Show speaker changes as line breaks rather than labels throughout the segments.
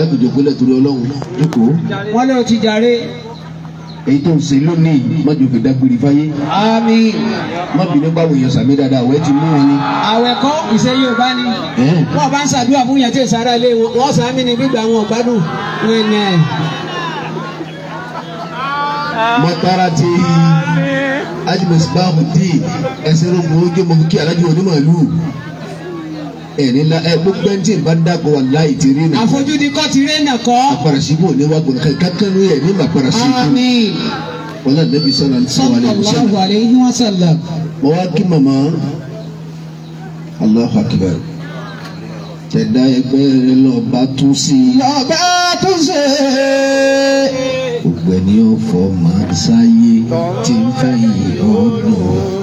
lẹ́nu jòkúlẹ̀ torí ọlọ́run jókòó. wọ́n lé o ti jàre. èyí tó ń ṣe lónìí má jòkè dágbére fáyé. àmín. má bínú bá wòyàn sàmì dáadáa àwẹ̀ ti mú wọn ni. àwẹ̀ kọ́ ìṣe yóò bá ní. wọ́n bá ń ṣàdúrà fún yàtí ìsara ilé wọ́n sàmì ní gbígbà wọn gbádùn wẹ̀nẹ̀. mọ̀tara ti ajimọ̀sibáàmù díì ẹ̀sìn rògbò ojú mọ̀mú kí alájú onímọ̀ ìlú ẹ̀rín la ẹ gbogbo ẹni tí n bá dáko wà láì ti rí nà. àfojúdi kọ́ ti rí nà kọ́. àparasí bò ní wàá gbọ̀nà kankan ní ẹ̀mí mà parasí kú. àmín. wọn náà nẹbi sọlá ní sọlá aleyhi wa sallam. mo wá kí màmá Allahu akbar tẹ̀dá ẹgbẹ́ rẹ lọ́ba tún sí i. lọ́ba tún sí i. ògbẹ́ni ọ̀fọ̀ màá sáyé tí ń fẹ́ yìí ọ̀dùn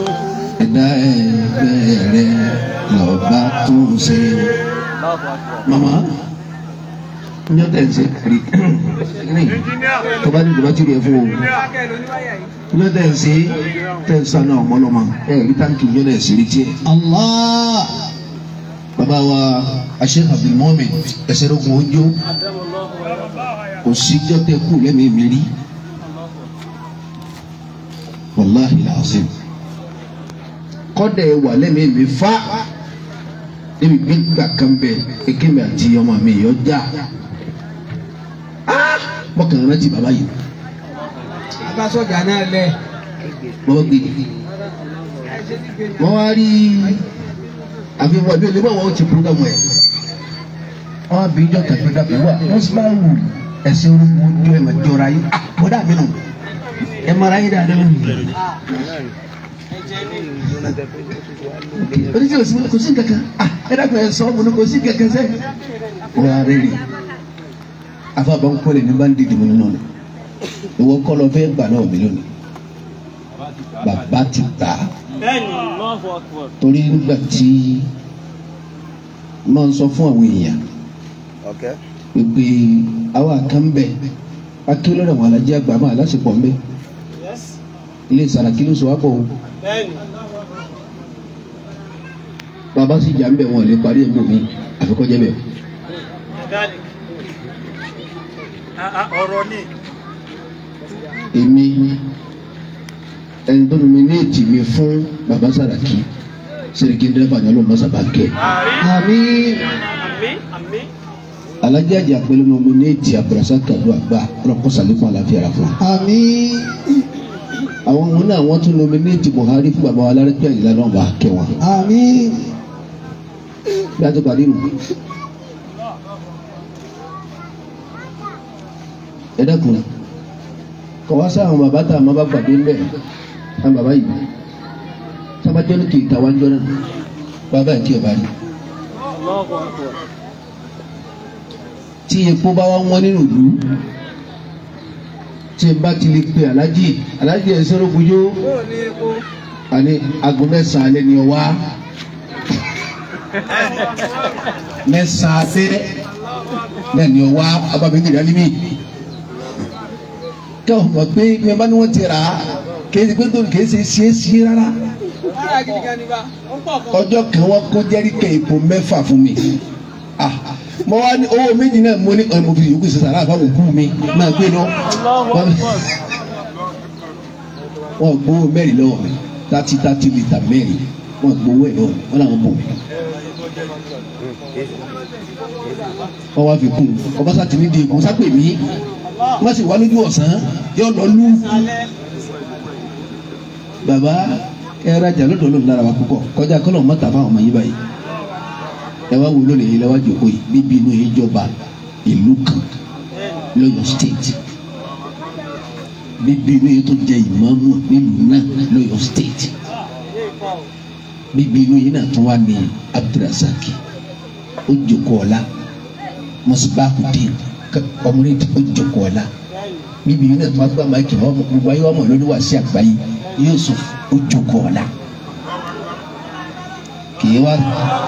dá ẹgbẹ́ rẹ lọ́ba tó ń ṣe. mama ní ọ̀tẹ̀ ń ṣe kiri tó bá ní ìjọba tí ì rẹ̀ fún o ní ọ̀tẹ̀ ń ṣe tẹ̀ ń sanu ọmọlọmọ ẹ̀ rí táǹkì ní ọ̀tẹ̀ ṣe rí tiẹ̀. Allah Baba wa Sheikh Abdulmumin ẹsẹ̀ lókun ojú kò síjọ́ tẹ kú lẹ́mìí mi rí wàláhi làásìm kọ́dà ẹ wà lẹ́mìí mi fa níbi gbígbà kan bẹ ẹgbẹ́ mi àti ọmọ mi yọ já mọ̀kàn rántí bàbá yìí. bàbá sọ̀jà náà lẹ. bàbá gbèdé wọ́n wá rí àfihàn ẹbí olè báwọn ti program ẹ̀ wọ́n á bí ijọ́ tàbí dàbí wà wọ́n sì máa wù ẹ̀sìn orúkọ ojú ẹ̀ mọ̀ jọra yìí àpọ̀dà ah, mi nù ẹ̀ mara yín dáadáa lónìí oníṣẹ́ òsì kò sí kankan ẹ dàgbà ẹ sọ ọ́ bùnú kò sí kankan sẹ́. wọ́n á rẹ́rìn afa bá ń kọ́lé ní bá ń di dùnmí nínú rẹ̀ ìwọ kọ́ lọ fẹ́ gbà náà mí lónìí bàbá ti gbà á torí nígbà tí máa ń sọ fún àwọn èèyàn pé àwọn àkànbẹ akérò àwọn alájẹ àgbà máa lásìkò ń bẹ́ẹ̀ ilé Sàràkí ló sọ wá pọ̀ o bàbá sì jà ń bẹ̀ wọn lè parí ẹ̀ lómi àfikọ́jẹ́ bẹ̀. Ah, ah, èmi ẹni tó nominate mi fún bàbá Sàràkí sẹ́ríkì dẹ́rẹ́fà ni ọlọ́run mọ́sàbá kẹ́. àmín. alájẹ àjẹ àpẹẹrẹ nominate Abdulrasaq Kalu àgbà ọlọ́kọ̀ọ́sálẹ́fà àlàáfíà rà fún àwọn ọmọ náà wọ́n tún nominate Buhari fún bàbá wa lárẹ́pẹ́ ìlà náà bá kẹ́ wọn. àmín. bí a tó parí nù. ẹ dẹ́kun kọ̀ wá sí àwọn bàbá tá a máa bá gbàgbé ń bẹ̀ àwọn bàbá yìí sábàjọ́ ní kì í ta wájú náà bàbá ẹ̀ tí ò bá rí. tí epo bá wá wọ́n nínú ìlú tí n bá ti lè pe alájì alájì ẹ̀ sọ́rọ́ bujó àní aago mẹ́sàn-án alẹ́ ni ọ wá mẹ́sàn-án alẹ́ náà ni ọ wá abábẹ́ ní ìdálẹ́mì kí ọ mọ̀ pé bí wọ́n bá ní wọ́n ti rà á kì í ṣe pé tó kì í ṣe ṣeé ṣe rárá ọjọ́ kan wọ́n kó jẹ́ríkẹ́ ìbò mẹ́fà fún mi. Ah, mo wá ní owó méjì náà mo ní ọmọ fi yòókù sí sàrà àbáwò kú mi máa gbé lọ wọn gbowó mẹ́rin lọ́wọ́ mi thirty thirty litre mẹ́rin wọn gbowó ẹ̀ lọ́wọ́ mi wọn làwọn bò mí wọ́n wá fi kún ọbaṣá ti ní di ìkùn sápè mí wọ́n sì wá lójú ọ̀sán yóò lọ lú. bàbá ẹ rajà lọ́dọ̀ Ọlọ́run lára wa púpọ̀ kọjá kọ́lọ̀ mọ́ta fáwọn ọmọ yín báyìí ẹ wá wo lónìí yìí lọ́wọ́ jòkó yìí níbi inú yìí jọba ìlú kan lọ́yọ̀ state níbi inú yìí tó jẹ ìmáàmù nílùú náà lọ́yọ̀ state níbi inú yìí náà tún wá ní Abdulrasaq ó jòkó ọ̀la mọ̀sibákùdín ọmọdé ó jòkó ọ̀la níbi inú yìí náà tún wá gbà máa kì wọ́n gbogbo lórí wàásù àgbáyé Yusuf ó jòkó ọ̀la kì í wá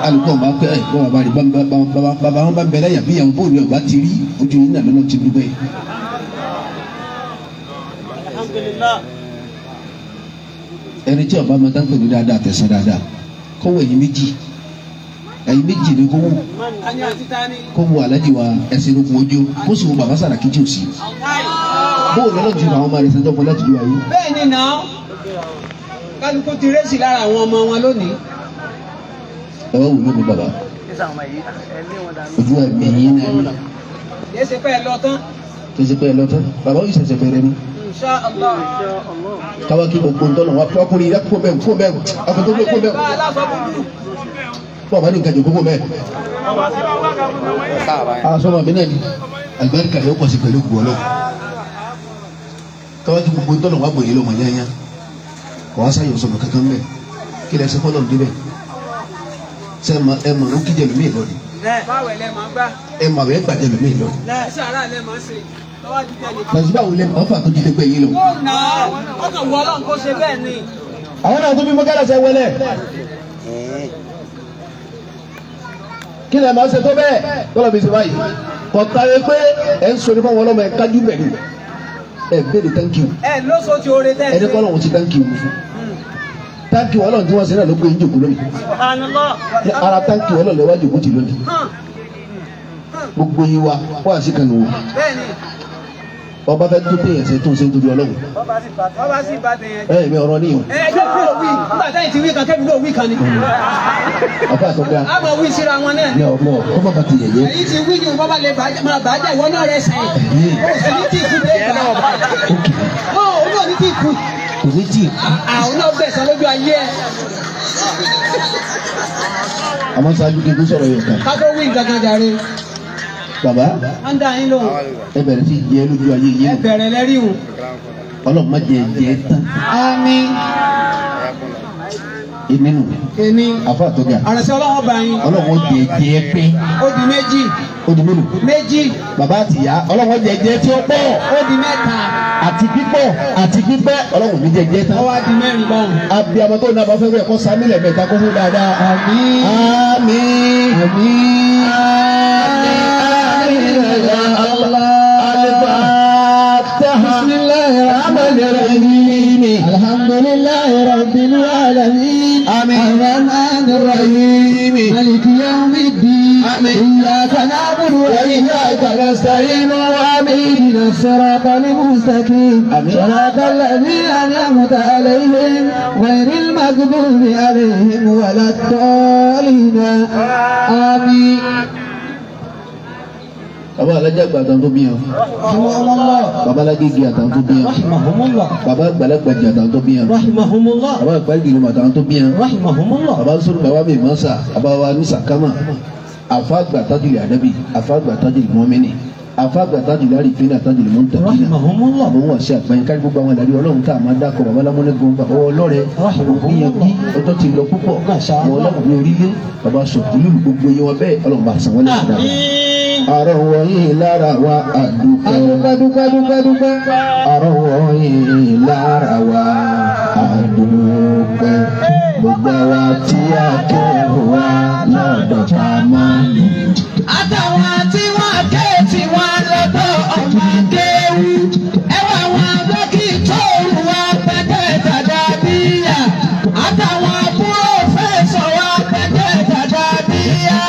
alùpùpù ọ̀hún bá pẹ́ ẹ̀ bọ́n bá rí bàbá wọn bá bẹ̀rẹ̀ yàbí yàn bóòlù ẹ̀ bá ti rí ojú yìí nà lọ́nà ti dúpẹ́. ẹni tí ọba máa dáńpẹ̀ ní dáadáa tẹ̀sán dáadáa kọ́wọ́ ẹ̀yìn méjì ẹ̀yìn méjì ni kówó kówó alájí wa ẹsẹ̀ lókun ojú kó sì wo bàbá sàràkí tí ò sí bóòlù ọlọ́dún ti fà àwọn ọmọ rẹ̀ sẹ́jọ́ fún láti lu ayé. bẹ́ẹ̀ ni náà kálukú ti rẹ́sì lára àwọn ọmọ wọn lónìí ẹ wá wò lóbi bàbá ojú ẹ̀mí yín náà ni. kìí ṣe pé ẹ lọ tán. kìí ṣe pé ẹ lọ tán bàbá yìí ṣẹ̀ṣẹ̀ fẹ́rẹ̀ mi.
Insha Allah.
káwá kí gbogbo ń tọ́nà wá fún ọkùnrin yìí kó bẹ́ẹ̀ kó bẹ́ẹ̀ akọ̀tọ́ ló kó bẹ́ẹ̀. fún ọ̀bá ní nǹkan jẹ gbogbo bẹ́ẹ̀. àṣọmọ mi náà ni àlùbáríkà yóò pọ̀ sí pẹ̀lú gbọ́lọ́ káwá kí gbogbo ń tọ́nà wá bòye lọ́mọ yányá kò wá sáyọ̀ sọ̀rọ̀ kankan bẹ́ẹ̀ kí lẹ́sẹ̀ fọ́lọ́ ṣe ẹ mọ ẹ mọ ló kíjẹ lómi ìlọrin.
báwo lẹ máa gbà.
ẹ mọ àwọn ẹgbàá jẹ lómi ìlọrin.
sàrà lẹ máa ṣe pàṣípà
wo lẹ mọ tó jíde pé
yín lọ. ọkàn wọ Ọlọ́run kó ṣe bẹ́ẹ̀ ni.
àwọn náà bí mọkàlá ṣe wọlé. kí lè máa ṣe tó bẹ́ẹ̀ tọ́lọ̀ mi ṣe báyìí kò tàwé pé ẹ̀ ń sori fún ọlọ́mọ ẹ̀ kájú bẹ̀rù ẹ̀ bẹ́ẹ̀ ni thank you. ẹ lóso ti oore tẹ́ ẹ. ẹni kọ́ lọ́wọ́ ti thank you fún táǹkì ọlọ́run tí wọ́n ṣe náà ló gbé yín jòkó lónìí ara táǹkì ọlọ́run lè wá jòkó tì lónìí gbogbo yín wa wá sí kan nìwọ ọba fẹ́ tó téèyàn ṣe tó ń ṣe ń torí ọlọ́run. ọba sì bá téèyàn jẹ. ẹ mi ọ̀rọ̀ níyàn. ẹ jẹ́ kí o wí nígbà táyì ti wí kan kẹ́mi ló wí kan ni. ọba àtọ́gbà. a
máa wí síra wọn náà. ní
ọmọ kó má ba ti yẹyẹ. èyí
ti wí ju bàbá lè máa bà á jẹ ìwọ náà rẹ sẹ́yìn. o sì ní tí ì kú dé ìgbà. o ò ní tí ì kú kò méjì. àwọn náà bẹ̀ sọ lójú ayé ẹ.
àmọ́ ṣáájú kí n tó sọ̀rọ̀ yóò kàn.
kájọ wí nǹkan kan jàre.
bàbá ẹ bẹ̀rẹ̀ sí jẹ́ lójú ayé yìí. ẹ bẹ̀rẹ̀ lẹ́rìí ọlọ́run má jẹ jẹ tán. àmín. èmi nù. èmi. àfa àtọ́jà. àrẹ̀sẹ̀ ọlọ́run bá yín. ọlọ́run ó jẹ jẹ pé. ó di méjì. ó di mélòó. méjì. bàbá àtìyá ọlọ́run ó jẹ jẹ tí ó pọ̀. ó di mẹ́ta àti pípọ̀ àti pípẹ́ ọlọ́run mi jẹjẹ tán. ọwọ́ adi mẹ́rin bọ́ọ̀. abiyamọ tó nàbà fẹ́ rẹ̀ kọ́ samílẹ̀ mẹ́ta kó fún dáadáa. àmín. àmín. àmín. àmín.
Bismillahir rahmanir rahim. Alhamdulillahi rabbil alamin. Amin. Ar-rahmanir إياك نستعين وأميدنا الصراط المستقيم صراط الذين أنعمت عليهم غير المغضوب عليهم ولا الضالين آمين
bàbá alájà gba àtàwọn tó bí yan bàbá alágége àtàwọn tó bí yan bàbá àgbàlagbàjì àtàwọn tó bí yan bàbá àgbàlagbàjì àtàwọn tó bí yan bàbá sọ̀rọ̀ bàbá bèèmọ́sà àfàgbà tajìlì ànábì àfàgbà tajìlì mọ́mìnì àfàgbà tajìlì àrífínà tajìlì mọ́ntàkínà àwọn wọn ṣe àpẹyìn kárí gbogbo àwọn ìdarí ọlọ́run tá a máa dákọ̀ bàbá lámúlẹ́gùn bá ọwọ́ ọlọ́rẹ̀ níyànjú ọjọ́ ti lọ púpọ̀ àwọn ọlọ́run orílẹ̀ bàbá sọ̀tún gbogbo yẹn wọn bẹ́ẹ̀ ọlọ́run bá sàn wọ́n lẹ́sìn dáadáa àrò wọ̀nyí lára wa
àdúpẹ́. àdúpẹ́ dúpẹ́ dúpẹ́.
àrò wọ̀nyí lára wa àdúpẹ́ gbogbo wa
tí a kẹ́rù wa lọ́dọ̀ tá a máa ń lò. àtàwọn tí wọ́n ké tí wọ́n lọ́dọ̀ ọmọ akéwú ẹwà wọn lókì tó wà pẹ́kẹ́ dàda bíyà àtàwọn púrófẹ́sọ̀ wà pẹ́kẹ́ dàda bíyà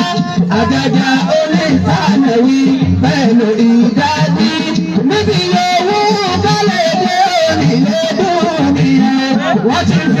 àgàgà orí ìtànà wí bẹ́ẹ̀ lò ìdádí níbi yòówù kálẹ̀ dé orílẹ̀-èdè òmìnira wọ́n ti fi.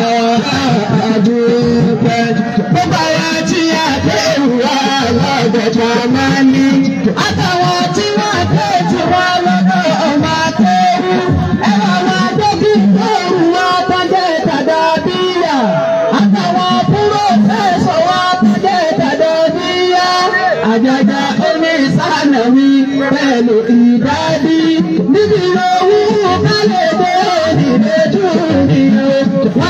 àdúpẹ́ gbogbo àwọn tí a pè wá lọ́dọ̀ tó a máa ní. àtàwọn tí wọ́n pè tí wọ́n lọ́dọ̀ ọmọ akéwú ẹ̀rọ máa dókì lóhùn wọn tọ́jú ìtàdọ̀ bíyà. àtàwọn púrọ́fẹ́sọ̀ wọn tọ́jú níbi ìrọ̀wù kálẹ̀ bó ìdẹ́jú nìyẹn.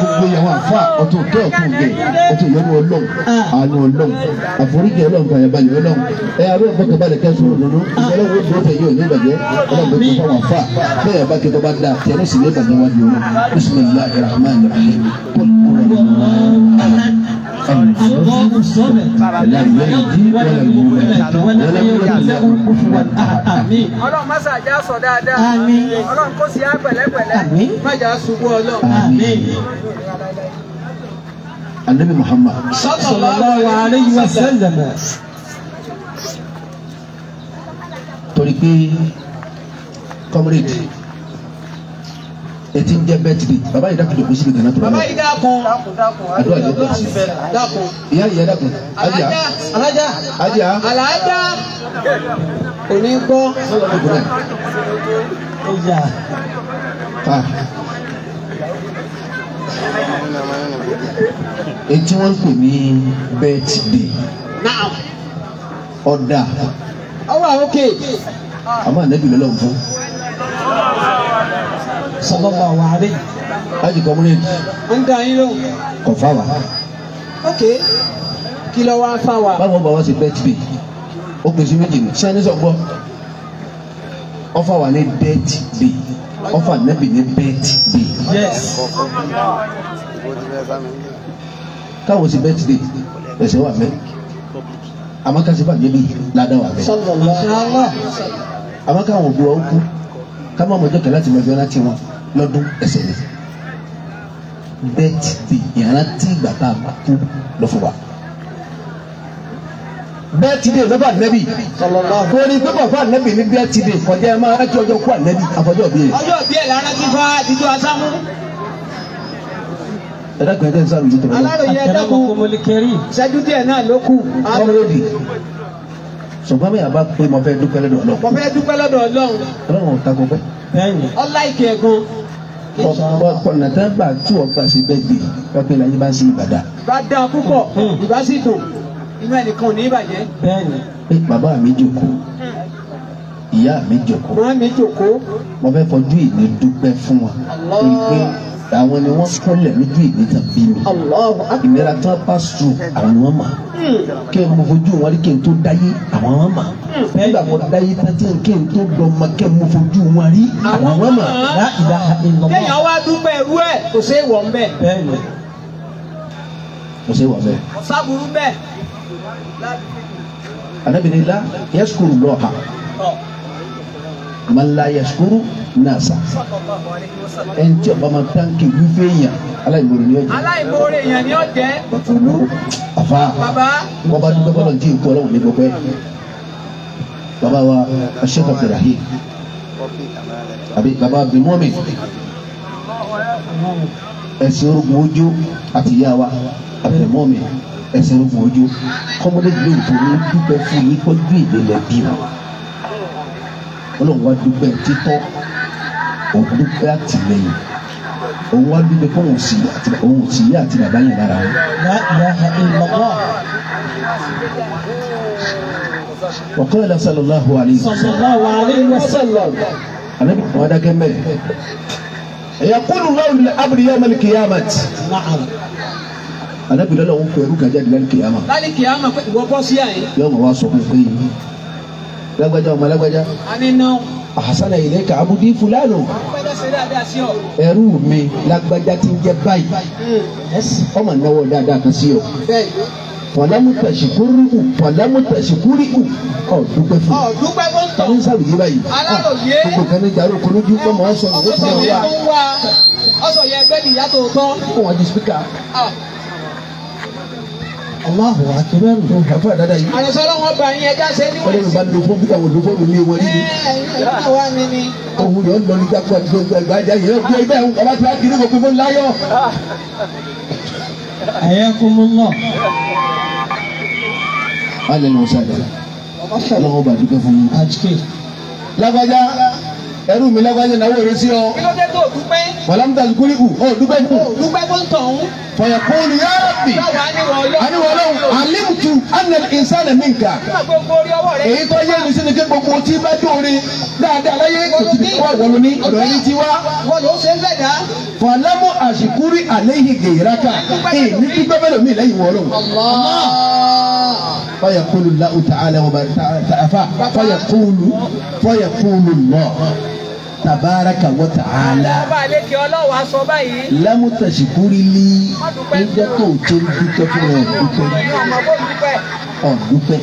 gbogbo ìyàwó àfa ọ̀tún tó ọ̀tún gẹ̀ ọ̀tún ìyọ́nú ọlọ́run àánú ọlọ́run àforíjì ọlọ́run kan ìyàbá ìyọ́ ọlọ́run ẹ abẹ́ ìfọkànbalẹ̀ kẹ́sùn òdòdó ìyọ́lọ́run ó dúró tẹ̀yẹ́ òní ìbàjẹ́ ọlọ́run tó fún àfa bẹ́ẹ̀ bá kí tọ́ba dá tẹ̀lé sì ní ìbàjẹ́ wá di ọ̀run bismillahir
rahmanir rahim الله لم يلد ولم يولد ولم يكن له كفوا احد امين ọlọ́run
má ṣàjà sọ dáadáa àmín ọlọ́run kó sí àpẹ̀lẹ́pẹ̀lẹ́ àmín má jà ṣubú ọlọ́run àmín. النبي محمد صلى الله torí pé comrade ẹ ti ń jẹ bẹtiri baba yìí dákun jòkó síbi gànà tó bá yẹ. baba yìí dákun àdúrà yóò bá sí. dákun ìyá yìí dákun. alaja alaja alaja alaja òní gbọ́. sọlá ló gbọ́dọ̀ ọjà. etí wọn pè ní bẹtidé. naam. ọ̀dà.
àwọn kéèké.
àmọ́ ànábì lọ́lọ́ fún sallallahu alaihi. láti comrade. wọ́n dá yín lóhùn. kò fà wá. ok kí ló wá fà wá. báwo bá wá sí birthday ó pèsè méjì ní sani sọgbọ ọfà wà ní birthday ọfà nẹbi ní birthday. yes. káwọn sí birthday ẹsẹ wà mẹ àmọ́ kásìfà níbi ládàá wà mẹ àmọ́ káwọn òbí wa ó kú ká má mọ̀jọ́ kẹ́ láti mọ̀jọ́ láti wọn lọ́dún ẹsẹ̀ ni bẹ́ẹ̀tì ìrántí ìgbà tá a bá kú lọ fún wa. bẹ́ẹ̀tì dé lọ́ba nẹ́bì kò ní gbọ́dọ̀ fún ànẹ́bì ní bẹ́ẹ̀tì dé kọjá ẹ máa rántí ọjọ́ kú ànẹ́bì àfọjọ́ bí ẹ. ọjọ́ bí ẹ lára ti fa àtijọ́ asámú. ẹ dákun ẹ dẹ́n sáré ojú tó lọ. aláròye ṣùgbọ́n bí yàrá pé mo fẹ́ dúpẹ́ lọ́dọ̀ ọlọ́run. mo fẹ́ dúpẹ́ lọ́dọ̀ ọlọ́run. ọlọ́run ò ta kó pẹ́. ọlá ìkẹ́ gan. ọ̀pọ̀ ọ̀nà tẹ́ gbà tú ọgbà sí bẹ́ẹ̀ gbé pápẹ́ láyé bá ń ṣe ìbàdà. bá dáa púpọ̀ hmm. ìbá sì dùn inú ẹnìkan ò ní ìbàjẹ́. bàbá mi jókòó ìyá mi jókòó. màmá mi jókòó. mo fẹ́ fojú ìní dúpẹ́ fún wa. Allah àwọn ni wọ́n sọ́lẹ̀ lójú ìwé tán bí mi. ìnira tán pass through àwọn ni wọ́n mọ̀. Hmm. kí n mo fojú wọn rí kí n tó dáyé àwọn wọn mọ̀. nígbà hmm. mo dáyé tán tí n kí n tó dọ̀mọ kí n mo fojú wọn rí àwọn wọn mọ̀. la ilaha illallah. kéèyàn wá dúpẹ́ irú ẹ̀ kò ṣeé wọ̀ ń bẹ̀. bẹ́ẹ̀ni kò ṣeé wọ̀ bẹ́ẹ̀. sábúrú bẹ́ẹ̀. anábìnrin la yẹ́sùkúrú lọ́ọ̀ha malaya sukuru nasa ẹn tí ọba ma tán kì í fẹ́ yàn aláìmoore ni ó jẹ. aláìmoore yàn ni ó jẹ. bàtúlù àfa bàbá dúpẹ́ bọ́lá ti kú ọlọ́run ní gbogbo ẹ̀ bàbá wa aṣẹ́kọ̀ fèrèhì àbí bàbá bimọ́mi ẹ̀sìn orúkún ojú àti ìyá wa àbí bimọ́mi ẹ̀sìn orúkún ojú kọ́mọdé gbé ìtòlú dúpẹ́ fún yín kó gbé ìdílé bí wọn ọlọ́run wá dúpẹ́ títọ́ òun dúpẹ́ àtìlẹ́yìn òun wá dúpẹ́ fún òun sì òun sì yé àti bàbá yẹn lára wọn. وقال صلى الله عليه وسلم صلى الله عليه وسلم النبي وهذا كمل يقول الله للعبد يوم القيامة نعم النبي لا لا هو كيرو كجاد للقيامة للقيامة وقوسيا يوم واسو lágbájá ọmọ lágbájá. àhásánà ilé ka abudí fulano. ẹrú mi lágbájá ti ń jẹ báyìí. Hmm. ọmọ náwó dáadáa kan sí ọ. pọ̀lámù tàṣíkúrú ù pọ̀lámù tàṣíkúrú ù ọ̀ dúpẹ́ fún. ọ̀ dúpẹ́ fún tọ̀. tọ́lá sàrò yìí báyìí. aláròyé. gbogbo kan ní jàrú kúrú ju pé màá sọ ọ̀rọ̀ tó ń wá. ọ̀sọ̀ yẹn gbẹ́ tó tọ́. ó wọ́n di spíkà. Allahu akbar. Àfa dada yìí. Àlùsọ lọ́wọ́ bá yín ẹja ṣe ní wọ́n. Ọlọ́run bá lo fún bíkà wò lo fóònù mi wọlé mi. Òhun yóò lọ ní gbàgbọ́ àti gbogbo àgbájá yìí. Ẹ gbé bẹ́ẹ̀ ọba tí wàá kiri gbogbo fún láyọ̀. Ayakumullah. Alẹ́ ni wọ́n ṣe àjàlá. Ọlọ́run bá dúpẹ́ fún mi. Lágbájá ẹrú mi lágbájá náwó rẹ sí ọ. Kí ló dé tó dúpẹ́? wàlámùtà zukuriku ó dúpẹ́ fún. dúpẹ́ fún tọ̀hún. fọyọ̀ kúlù yá rabbi. báwo aníwọ̀ ọlọ́run. alimtu anna al-insana minka. èyí tó yé mi sínú kí gbogbo tí bá dóore dáadáa láyé kò ti bí wà wọlé ní ọ̀dọ̀ yìí ti wá. wọlé ó ṣe ń fẹ̀dá. fọlámù àṣìkúrí àléhì gèraka èyí ní dúpẹ́ bẹ́ẹ̀ lómi lẹ́yìn wọ́ọ́rọ̀. fọyọ̀ kúlù láwù tààlà wọ tabaraka wa ta'ala.
ọba àlejò ọlọ́wà sọ báyìí.
lámúta ṣìkúrí ní ẹjọ́ tó tó dúpẹ́ fún ẹ dúpẹ́. ọ̀dúpẹ́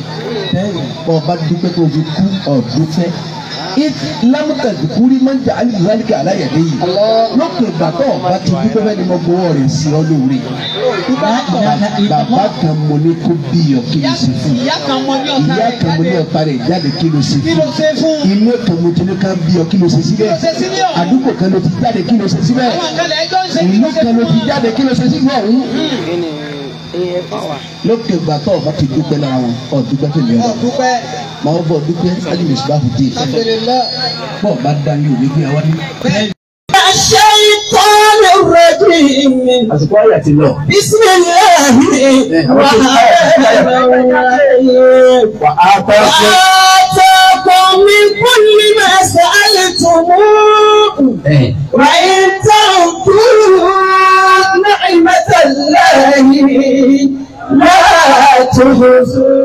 tẹ́ ọba dúpẹ́ tó fi kú ọ̀dúpẹ́ it lamuka dukuri máa ń jẹ alìyíwájú kí aláyẹ dé yìí lókè bàtọ bá ti dúpẹ́ bẹ́ẹ̀ ni mo gbowó rẹ̀ sí ọ lóore bàbá kan mo ní kó bí ọ kí
ló ṣe fún ìyá kan mo ní
ọ̀pá rẹ̀ jáde kí ló ṣe fún ilé kan mo ti ní ká bí ọ kí ló ṣe síbẹ̀ kan ló ti jáde kí ló ṣe síbẹ̀ ìlú kan ló ti jáde kí ló ṣe síbẹ̀ ọ̀hún lókè ìgbà tó ọba ti dúpẹ́ lára wọn ọ dúpẹ́ tó lè ọ máa bọ̀ dúpẹ́ sálí mi sùgbà fìdí bọ̀ bá dání òní bí àwọn ní.
ṣé ikọ́ ló rẹ̀ bí mi.
àsìkò ayé àti lọ.
bisimilahi wà á tẹ́ wà á tẹ́ kọ́ mi kún mi máa ṣe àlejò mú. wà á tẹ́ òkú. نعمة الله لا تحصوها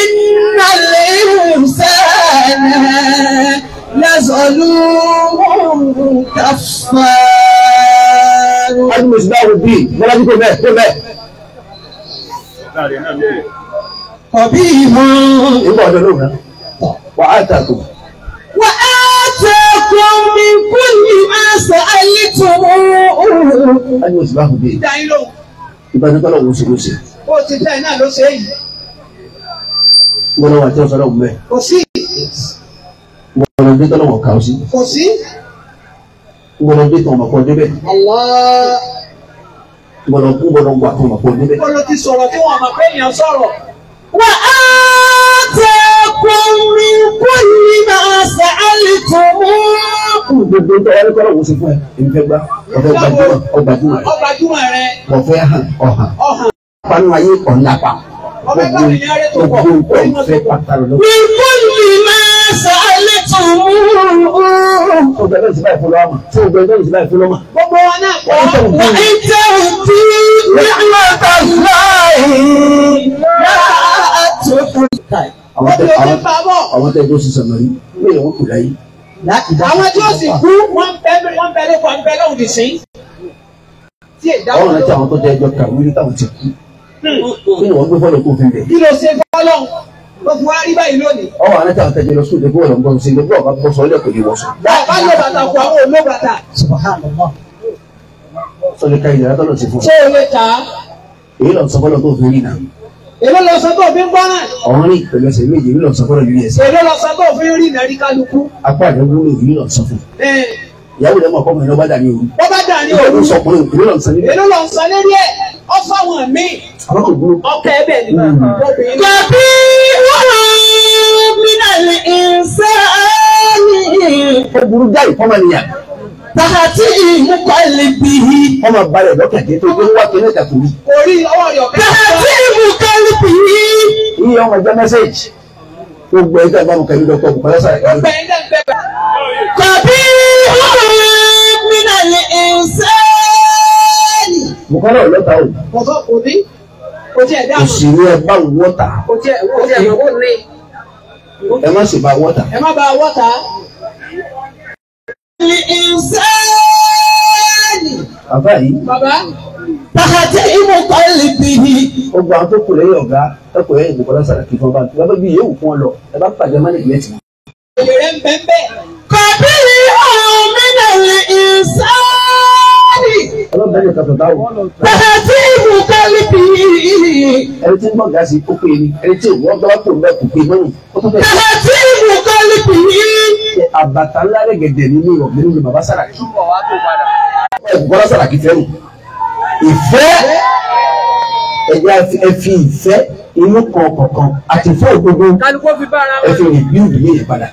إن الإنسان لظلوم كفار المصباح الدين ولا دي كلها كلها
قبيح ìgbà ọ̀dọ́
you lakum min kulli ma sa'altum.
ayé oṣù báwo bẹ́ẹ̀. ìdá yín lóhùn. ìbánikọ́ lọ́wọ́ oṣù ló ṣe. ó ti dá iná ló ṣe yìí. gbọ́dọ̀ wà tí wọ́n sọ̀rọ̀ mẹ́. kò sí. gbọ́dọ̀ bí tọ́lọ̀ wọ̀ ká o sí. kò sí. gbọ́dọ̀ bí tọ̀mọ̀ kọ́ débẹ̀. gbọ́dọ̀ kú gbọ́dọ̀ wà tọ̀mọ̀ kọ́ débẹ̀. gbọ́dọ̀
ti sọ̀rọ̀ tí wọ́n mọ̀ pé èèyàn sọ̀rọ̀. wà á tẹ lọ́kùn mi kú yìí máa ṣe àlìkùn
mú. Gbogbo ìtọ́ ẹni kọ́ lọ́wọ́ sí fún ẹ, èmi fẹ́ gbá ọ̀dọ́ gbajúmọ̀ rẹ̀.
Ọgbajúmọ̀ rẹ̀.
Ọ̀fẹ́ hàn ọ̀hàn. Panu ayé kan lápá. Gbogbo ìtọ́ ìfẹ́ pàtàkì lọ. Mi kú yìí máa ṣe àlìkùn mú.
Ọgbẹ́ bẹ́ẹ̀ sí báyìí fún lọ́mọ. Ṣé ọgbẹ́ bẹ́ẹ̀ sí báyìí fún lọ́mọ? Gbogbo wọn náà kọ́. Wọ́n ń tẹ àwọn tẹ
àwọn tẹ tó sísan lórí wọ́n yẹ wọ́n kù láyé. àwọn tí ó sì kú wọ́n bẹ wọ́n bẹ lóko wọ́n bẹ lóhùn dì sí.
ọ̀rọ̀ náà tí àwọn tó jẹ́ ẹjọ́
kàwé ní táwọn ti kú hmm. kí ni wọ́n gbé fọ́lọ̀ kó fi bẹ̀. kí
ló ṣe fọ́lọ̀
o fún wa rí báyìí lónìí. ọwọ́ àwọn táwọn tẹjọ lọ sóde bí wọ́n lọ ń gbọ́ sí gbogbo ọba bọ sọ ilé kò ní wọ sọ.
bàbá ló bàtà kó àwọn olóò bàtà.
sọ lè ka tó lọ sí fún wa. ṣé o lè ta. èyí lọ sọ fọ́lọ̀ tó fi rí náà èló lọ sọ tó fi ń gbọ́nà. ọ̀hún ní pẹ̀lú ẹsẹ̀ méje ń lọ sọ fọ́nà yìí ẹsẹ̀. èló lọ sọ tó fi ń rí ìnárí kálukú. apá rẹ wúlò yìí lọ sọ fún. ìyàwó rẹ mọ ọkọ mọ̀lẹ́ ọba dà ní òru. ọba dà ní òru. èló sọkùnrin èló lọ sọ nílẹ̀. èló lọ sọ nílẹ̀ ẹ̀ ọ̀fọ̀wọ̀n mi. ọkọ ẹ bẹ̀ ni.
Mm-hmm. kàbí wọ́n mi náà ń sẹ́ tàbí ìmúkọ ẹlẹbìhì.
ọmọ balẹ̀ lọ́kàn kí n tó gbé wá kí n lẹ́ka tó rí.
orí ọwọ́ yọ̀kẹ́. tàbí ìmúkọ ẹlẹbìhì.
iye ọmọ jẹ mẹsẹgì gbogbo ẹgbẹ́ ìbámu kẹlí lọ́kọ̀ kò pẹ́lẹ́sà ẹ̀ka ló.
kàbí ọ̀rẹ́ mìíràn ẹ̀ńsẹ́ẹ̀lì.
bùkọ́lá ò lọ́ta o.
kọ̀tọ́ kò ní. òṣèré
ẹ bá wọ́ta. ẹ má sì bá wọ́ta.
ẹ má bá wọ́ta. Bàbá yìí. Bàbá. Tàkàtì ìmọ̀ kọ́lì bìhì.
Ó gba àwọn tó kù lẹ́yìn ọ̀gá tó kù lẹ́yìn ìbùkọ́lá sàràkì fún ọba. Bàbá bí yóò fún ọ lọ, ẹ bá pàdé ọmọ nìgbẹ́ tì.
Èlé ń bẹ́ẹ̀ bẹ́ẹ̀. Kọ̀bílì ọ̀mìnà lè ìsáàdì. Ọlọ́bẹ̀ ní Tàkàtì ìmọ̀ kọ́lì bìhì. Ẹni tí ń bọ̀
gà sí kókó ni, ẹni tí ìwọ́n gbọ́ málìkù yìí. àbàtà ńlá rẹ̀ gẹ̀dẹ̀ nínú ìrọ̀lẹ́ nínú bàbá sàràkí. bàbá sàràkí fẹ́ràn ìfẹ́ ẹ̀yà ẹ̀fì ìfẹ́ inú kan kọ̀ọ̀kan àti ìfẹ́ ògbógbó ẹ̀fì rìbí ìdílé ìpadà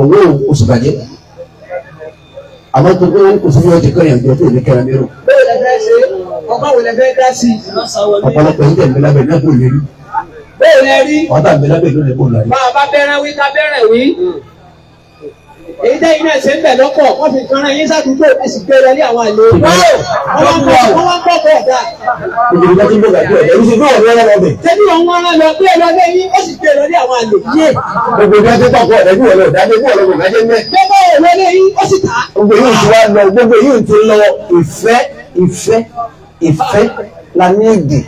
owó oṣù bàjẹ́ àmọ́ tó gbé kò sí ọjọ́ kẹrin àjọ tó lè kẹrin mẹ́rọ.
bẹ́ẹ̀ lẹ́fẹ̀ẹ́ ṣe ọgbà wo lẹ́fẹ̀ẹ́ dá sí i. ọ̀pọ̀lọpọ̀ ń
tẹ̀lé lábẹ́ náà kò lè rí bẹ́ẹ̀ rí. wọ́n tà bẹ́ẹ̀ lábẹ́ lónìí kò láyé. bàbá bẹ́rẹ̀ wí ká bẹ́rẹ̀ wí.
èyí dẹ́ iná ẹ̀sẹ̀ ń bẹ̀ lọ́kọ̀ wọ́n fi kan ẹyin sádùúgbò ẹ sì gbé lọlé àwọn àlè. wọ́n wá ń bọ̀ bọ̀ dà.
òjòjì bá ti ń bọ̀ gàdúrà ẹ̀rú sí náà wọ́n rán ọbẹ̀.
tẹ́bí wọn wọ́n rán lọ gbé lọ lẹ́yìn ó sì gbé lọlé àwọn àlè. gbogbo ìgbà
tó pàpọ̀ ẹ̀rú ọ̀lọ́ ìdájọ́ ìwọ̀ ọ̀lọ́ ìdájọ́ mẹ́.
gbogbo ìwọ lẹ́yìn ó sì tà. gbogbo yìí ti
wá lọ gbogbo yìí ti lọ ìfẹ́ ìfẹ́ ìfẹ́ la ní ìdè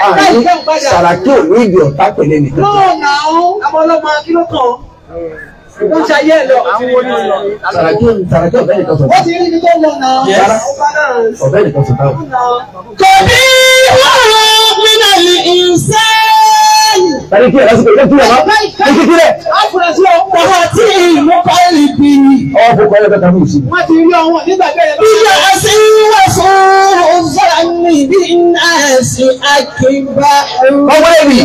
àní Sàràkí ò
ní ọ̀tá pẹ̀lẹ́ nìkan. lọ́ọ̀nà
ọ̀hún àwọn ọlọ́mọ akílọ́kàn ó ń ṣayé lọ. Sàràkí ò ní Sàràkí ọ̀bẹ nìkan sọ̀tà. wọ́n ti rí ibi tó lọ náà. ọ̀bẹ nìkan sọ̀tà. kò ní wọ́n rọ mí ìṣẹ́ tàbí kí ẹ lásìkò ìjọ kílẹ̀ máa ní kíkílẹ̀. afurasí ọkọ̀ tí ìlú káyọ̀lì
bí. ọwọ́ kò kọ́lẹ̀ kẹta fún ìṣúná.
wọ́n ti rí ọwọ́ nígbà bẹ́ẹ̀. bíyà ẹsẹ̀ wà fún ọ̀fọ̀rà mi bí iná ẹ̀sìn àkèbá. ọwọ́ ẹ̀mí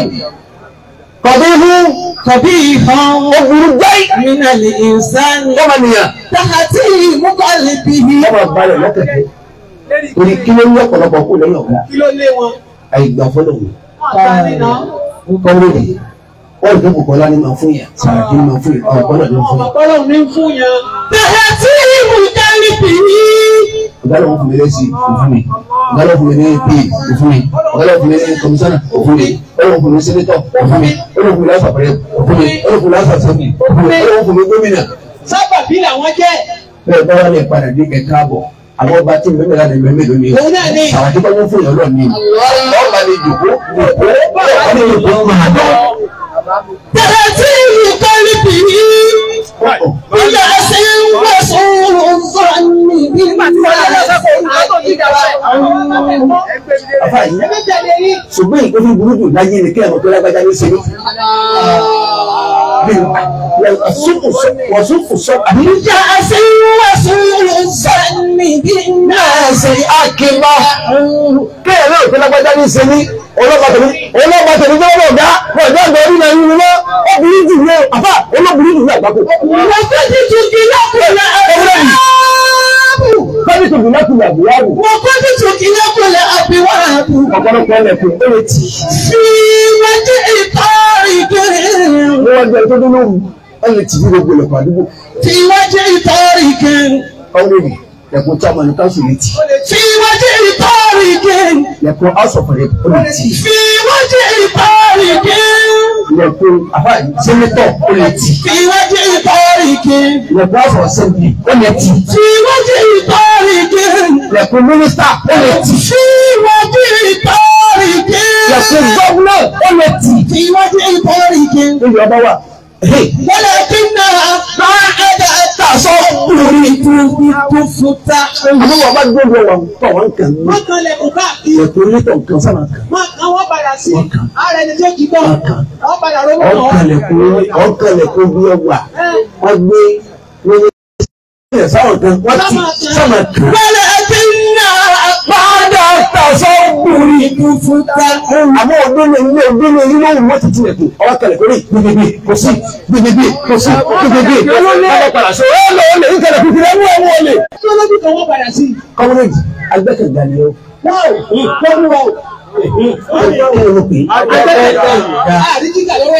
tọ̀bí fún. tọ̀bí ìfọ̀n. ó burú gbẹ́yì. nínú ilé ìsánì. ọmọ nìyàn. tàbí ìlú káyọ̀lì bí. ọmọ balẹ̀
lọ́kẹ̀kẹ̀ kọ́mìnì wọ́n ìdókòwò kọ́lá ni màá fún yẹn sàràkí ni màá fún yẹn ọ̀gbọ́n náà ni màá fún yẹn. ọ̀gbọ́n
náà ni fún yẹn. bẹ̀rẹ̀ tí ìwù jẹ́ níbi yìí.
ọ̀gálọ̀ fún mi lẹ́sì òfin mi ọ̀gálọ̀ fún mi ní bíi òfin mi ọ̀gálọ̀ fún mi ní kọmísánà òfin mi ọ̀gálọ̀ fún mi ní sẹ́nẹ́tọ̀ òfin mi ọ̀gálọ̀ fún mi láṣà pẹ̀lẹ́ òfin mi ọ̀gálọ̀ fún mi láṣà sẹ́mi òfin mi ọ̀gálọ̀ fún mi gómìnà. sábàbí àwọn ọba tí mi mẹ́ta lè mẹ́mẹ́ lónìí àwọn tí wọ́n fún ìyọ́lọ́ ni
ọba lè jòkó jòkó ọba lè jòkó máa lọ. tẹ̀lé tí ìlú kọ́lí bì í ilé ẹsẹ̀ bẹ́sẹ̀rẹ̀ zọ́ọ̀nì bí ṣùgbọ́n ìpín fún burúkú láyé ni kí ẹ̀mọ́ tó lágbájá ní sinmi. Wọ̀súnkù sọ. Níjà ṣe ń wẹ̀sùn sani bí náà ṣe àkíbá. Kí ẹ̀rọ ìpín lágbájá ní sinmi ọlọ́pàá tèmi ọlọ́pàá tèmi tó wọ́n dá ọjọ́ ìgbà orí náà yín lọ obìnrin jù ní àfà olóbìnrin jù ní àgbákò. wọ́n tó ti tún kí lọ́kùn lẹ́ àbíwáàbù. bẹ́ẹ̀ni tó dùn lọ́kùn lẹ́ àbíwáàbù. wọ́n tó ti tún kí lọ́kùn lẹ́ àbíwáàbù. ọ̀pọ̀lọpọ̀ ẹlẹ́kùn ó lè ti. fi wájú ìtọ́rì kẹrin. wọ́n jẹ́ tó dún lóru ẹ̀ lè ti
fi gbogbo ẹ̀kọ́ àdúgbò. fi wájú ìtọ́rì kẹrin. ọ̀rẹ́ mi lẹ̀kùn chairman council
retí. fi wájú ìparí gé. lẹ̀kùn house of rep retí. fi wájú ìparí gé. lẹ̀kùn àfáà senator retí. fi wájú ìparí gé. lẹ̀kùn house of assembly retí. fi wájú ìparí gé. lẹ̀kùn minister retí. fi wájú ìparí gé. lẹ̀kùn governor retí. fi wájú ìparí gé. ìyọ̀bá wa. wọ́n lè kí n náà bá ẹ̀dá sọ wòlíì. Ìtúndínlẹ́kùn fúta. Àwọn wà bá gbogbo wa tọ̀ wá nǹkan mi. Wọ́n kan lẹ̀kùn káàkiri. Ètò onítọ̀ nǹkan sábà kan. Wọ́n wọ́n padà sí. Ara ẹni tó kì í bọ̀. Wọ́n padà rówó kan. Ọ̀kan lẹ̀kùn bí ọgbà. Wọ́n gbé wọ́n yẹ sáwọn kan. Wọ́n ti sáwọn kan tàṣọ gbòòrì ju fún ká àwọn òdòlè ilé òdòlè ilé òun wọ́n ti tilẹ̀ kù ọwọ́ kẹlẹ̀ kórè gbèdégbè kò sí gbèdégbè kò sí gbèdégbè ọwọ́ padà sọ ẹ lọ olè ń kẹlẹ̀ kùkùrẹ́ wọ́n wọ́n olè. kọ́lọ́dì kan wọ́n padà sí. kọ́mọ́nẹ́jì agbẹ́kẹ̀gbà ni ó. wọ́n ò wọ́n ò wọ́n ò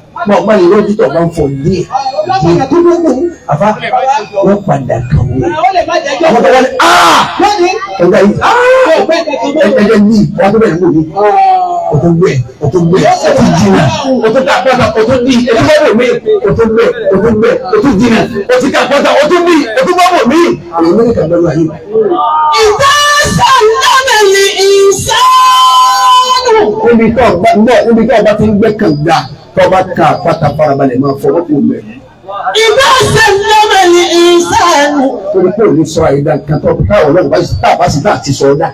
mọ ọmọ yìí lójú tó máa ń fọ ilé ilé tó ló
mú àbá wọn padà kàwé wọn ni aa ọgbà yìí aa ah! ẹgbẹ mi wọn tó bẹ̀rẹ̀ lómi ọtọ gbẹ ọtọ gbẹ ọtọ jìnnà ọtọ ká pọta ọtọ di ẹtọ bá wọ mi ọtọ gbẹ ọtọ gbẹ ọtọ jìnnà ọtọ ká pọta ọtọ di ẹtọ bá wọ mi àwọn ọmọ yìí kà ayé. ìdá sàlámẹ̀ ni ìsánù. níbi
tó ọba ti ń gbẹ kànga tọ́ba ká pátá farabalẹ̀ máa fọwọ́ kò mẹ́.
ìbá sẹ́ńdọ́mà ni ìsáàánú.
torí pé òní sọ àyíká nǹkan tó ká ọlọ́run bá sì tàbá sí náà ti sọ ọ́ náà.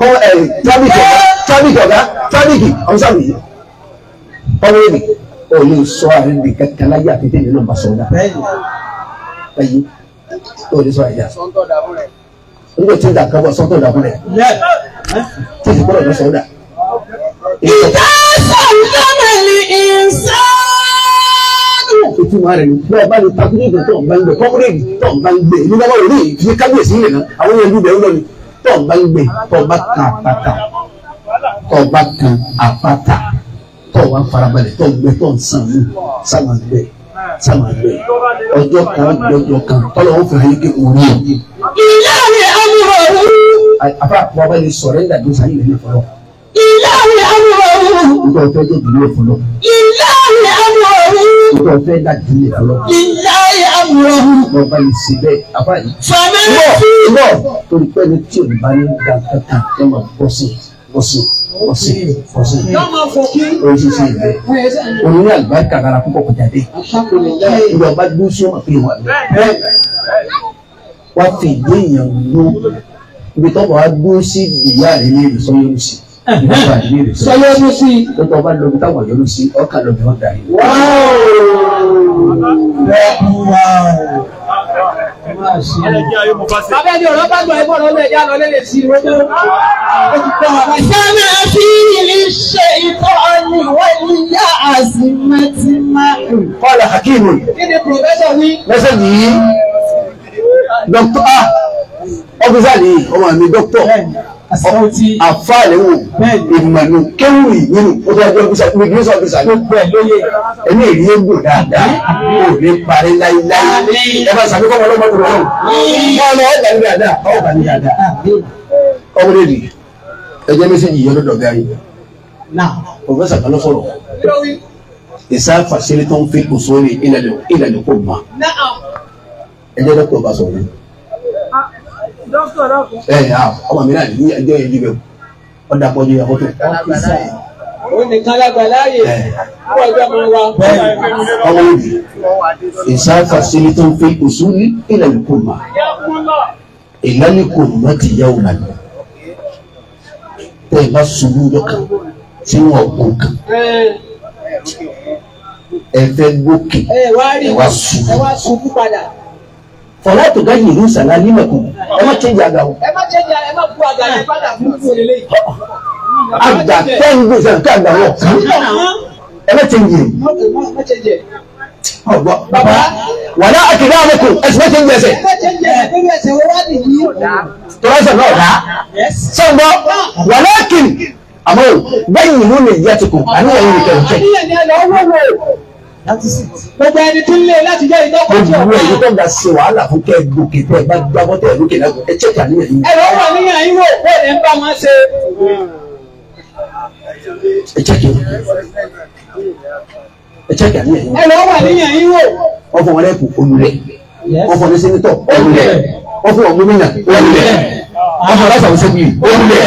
kọ́ ẹ̀ tábìkì ọ̀gá tábìkì ọ̀gá tábìkì ọ̀sán yìí ọ̀rọ̀ èmi òní sọ àyíká nǹkan kan láyé àtẹ̀tẹ̀ yìí náà bá sọ ọ́ náà. ẹyí òní sọ àyíká. nígbà tí ń dà kábọ̀ sọ́tọ̀ dàbọ̀ rẹ̀ tí ìgbọ́dọ̀ lọ sọ ìdá ìtumọ̀ rẹ̀ ni bẹ́ẹ̀ bá ní takuréèdì tó ń bá ń gbé kọ́kúréèdì tó ń bá ń gbé ní lọ́wọ́ òní fi kábíyèsí yìí nìkan àwọn yẹn dúdú ẹ̀ lọ́ni tó ń bá ń gbé tó bá kan àpáta tó bá kan àpáta tó wá farabalẹ̀ tó ń gbé tó ń sàn mú sàmà gbé sàmà gbé ọjọ́ kan dọ́jọ́ kan tọ́lọ́ wọn fẹ́ràn yíké orí ẹ̀.
ìlànà àmúhọ̀
òru. àfa àpò ìlànà àmúhọ̀ òru.
ìlànà àmúhọ̀
òru ìtọ́ fẹ́ dájú ní ìfọlọ́.
ìláyà amúrọ̀hún.
wọ́n bá lè ṣe bẹ́ẹ̀ àbá yìí. fàmílì fún. bọ́ torí pé ní tí òní bá ní gàǹkà kan ẹ máa bọ́ sí bọ́ sí bọ́ sí bọ́ sí. yóò máa fọ kí. oye ṣe ṣe ìbẹ́ òní ní àlùbáríkà kára púpọ̀ kọjá dé. ìwà bá dúró sí ọmọ pé wà bẹ́ẹ̀. wá fi ìdí ìyàn ló ibi tó bá dúró sí ìyá rẹ̀ ní ìrìsọ́ yóò sì
sọ yọnu sí i. gbogbo ọba lóbi táwọn yọnu sí ọkà lóbi wọn dàrí. Abẹ́ ni ọ̀rọ̀ bá gbọ́ ẹgbọ́n ló lè yá lọ lé lè sí ìwé tó. Sábà fi ilé ṣe ìtọ́ ọ̀nì wẹ́lú yá àzìmẹ́tìmá. Kọ́lá Hakeem. Kí ni pòfẹ́sọ̀ wí? Ah, Lọ́sẹ̀ nìyí.
Dọ́kítọ́ ọ̀fíìsà nìyí, ọmọ mi dọ́kítọ̀ àsìkò tí. àfààní wò ìmọ̀nù kéwù ìyínú ó fẹ́ jẹ́ bísà ní bísà bísà ní. gbogbo ẹ lóye. ẹni èyí ń gbò dáadáa kò ní parí láíláí. ẹ bá sàbí kọ́mọ lọ́mọ kúrò lọ́rùn. wọ́n lọ ọ̀gbà ní dáadáa ọ̀gbà ní dáadáa. ọmọdé di ẹjẹ mẹsẹgì yọ lọ́dọ̀ gari. náà pòfẹsà kan ló sọ̀rọ̀. ìsá fàṣẹlẹ tó ń fi kùsùn ní ìlànà ìlànà kò mọ. ẹjẹ dọ́kítọ̀ bá sọ̀rọ̀
dókítà dọkọ. ẹ ẹ
ọmọ mi náà ní ẹjọ́ yẹn jíbẹ o dà pọ̀ ju ìyàwó tó.
ó ní kálágbá láàyè fún ọjọ́ máa wá. bẹ́ẹ̀ ọmọ òbí ìsáfà
síbi tó ń fi kùsù ní ilẹ̀ nìkó mà ìlànà kò má ti yá òun àná tẹ́ ẹ bá ṣubú lọ́kàn tí wọ́n kò kàn ẹ fẹ́
gòkè ẹ wá ṣubú padà
fọlá tó ká yìí sànà nímẹkù ẹ má change àga o.
ẹ má change ẹ má bu àga yẹn padà fún fún olè lẹ́yìn. àgbà tẹ́ ń
gbèsè àti àgbà wọ̀ ẹ má change
yẹn. ọgbọ bàbá wàlá àkìlá àmọkù ẹ sì má change ẹsẹ. ẹ má change ẹ bí ẹsẹ wọn wá nìyí. tọ́lá sọ náà dá sọ̀gbọ́ wàlá àkìlá
àmọ́ bẹ́ẹ̀ yìí ló lè yẹ tukù àníyàn yìí
kẹ̀ gbogbo ẹni tí ń lé e láti jẹ́ ìdọ́kọ̀ tí ọ̀gá. gbogbo
ẹni tó ń ga ṣe wàhálà fún kẹ́ gòkè tó ẹ bá gbàgbọ́ tẹ̀ lókè náà ẹ jẹ́ kà níyàn yín. ẹ̀rọ
wà níyàn yín wò pé ẹ̀ ń bá wọn ṣe. ẹ jẹ́ kí
ẹ jẹ́ kà níyàn yín. ẹ̀rọ wà níyàn yín wò. ọfọ wọn lẹkùn olùlẹ ọfọ ní sẹnitọ olùlẹ ọfọ ọmọ mi nà ọfọ lásàwọn sẹbi olùlẹ.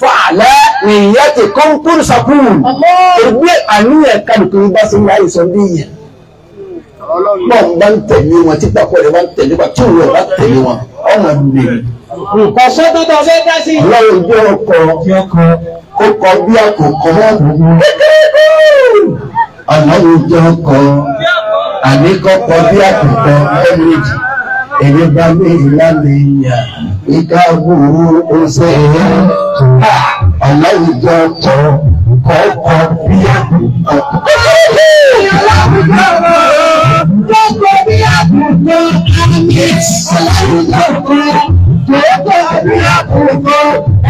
fàlẹ́ ìyẹ́ ti kọ́ńkúrú sàkúrù ebi àníyàn kálukú bá ṣe ń ráyè sọ bí yẹn náà bá ń tẹ̀lé wọn tí gbàgbọ́ rẹ̀ bá ń tẹ̀lé wọn tí òun
bá tẹ̀lé wọn ọmọ mi. nǹkan sọ́tọ́ tó fẹ́ dá sí. ọlọ́run bí ọkọ ó kọ bí àkókò ọlọ́run
jẹ́ ọkọ àníkọ́kọ bí àkókò ẹ̀mí èyí
bá ní ìlànà èèyàn ìka burú oṣù èèyàn aláìjọ tó kọ́kọ́ bíyà. Lọ́kọ̀ bí àbùkù àmì aláìjọ kan, lọ́kọ̀ bí àbùkù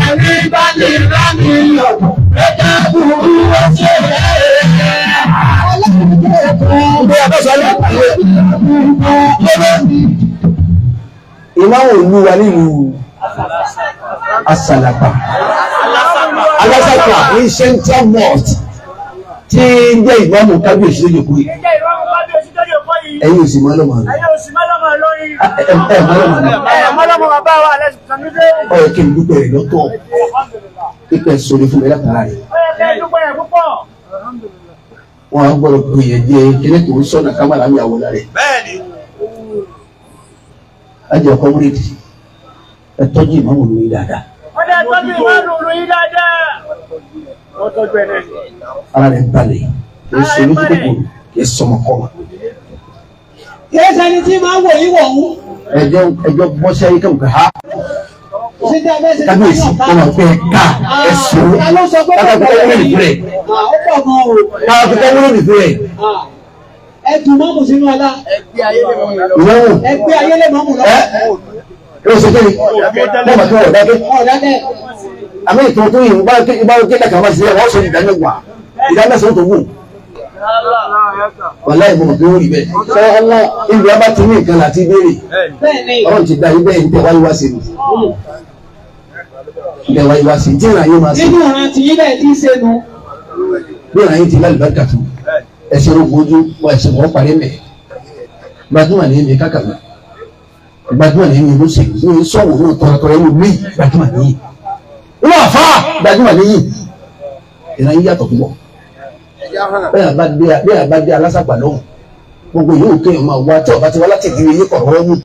ẹ̀mí bá ní ìlànà èèyàn ìka burú oṣù èèyàn aláìjọ kan. Bí a bá sọ ní ìpàdé, lọ́kọ̀
ìmáàmù olúwa nílùú asalapa
alasapa ní central
mosque tí ń jẹ́ ìmáàmù kábíyèsí lójú kú yìí
ẹ̀yin òsì mọ́lọ́mọ́
ẹ̀
mọ́lọ́mọ́ bàbá wa ọ̀rẹ́
kí n dúpẹ́ rẹ̀ lọ́tọ̀ pípẹ́ sórí fún mi látara
rẹ̀ wọ́n
á gbọ́dọ̀ pè é jẹ́ kíní tó ń sọ̀nà kámàlà ń yàwó lára rẹ̀ ajẹ ọkọ búrẹ́dì ẹ tọ́jú ìmọ̀mù lórí dáadáa.
wọ́n dẹ́ tọ́jú ìmọ̀mù lórí dáadáa. wọ́n tọ́jú ẹ̀ náà.
ara rẹ̀ balẹ̀
kì í sọ̀rọ̀ kókò
kì í sọmọ kọ́ ma.
kì í sani tí máa wò yí wọ̀ wú.
ẹjọ ẹjọ bọ́ sí ayé kẹ́wù ká ha.
kábíyèsí ọmọ pé ká ẹ sọ kábíyèsí ọmọ pé ká ẹ sọ kábíyèsí ọmọ pé
ká ẹ ah, sọ ẹtù mọ́mù sínú ọlá. ẹgbẹ́ ayé lè mọ́mù lọ. yóò ṣe kéde
bọ́ọ̀ bá tó wọ̀ dáké.
àmì ìtàn tó yìí bá ké lẹ́kàn bá ṣe wọ́n sọ ìdánilẹ́gbà ìdánilẹ́sọ̀ tó wù. wàlá ìmọ̀ tó wù ibẹ̀. sọ ọlá ìlú abá ti ní ìkànnì àti ìbéèrè. ọ̀rọ̀ ti da ibẹ̀ ìtẹ̀ wáyé wá sí ni. ìtẹ̀ wáyé wá sí ni. díẹ̀ náà yóò máa ṣe. nínú ọ̀ràn ti yí ẹsẹ̀ ogun ojú wa ẹsẹ̀ wọn parí mẹ́ gbajúmọ̀ ní mi kákàlà gbajúmọ̀ ní mi olóṣèlú ní sọ̀wọ́ náà tọrọtọrọ ẹ̀wọ̀n mí gbajúmọ̀ ní yìí wọ́n àfa gbajúmọ̀ ní yìí ìran yíyá tọ̀ púpọ̀ bẹ́ẹ̀ bá dé alásàpàdánù gbogbo yòókè máa wá tí ọba ti wá láti ìdílé yìí kọ̀ọ̀rọ̀ ọ̀hún.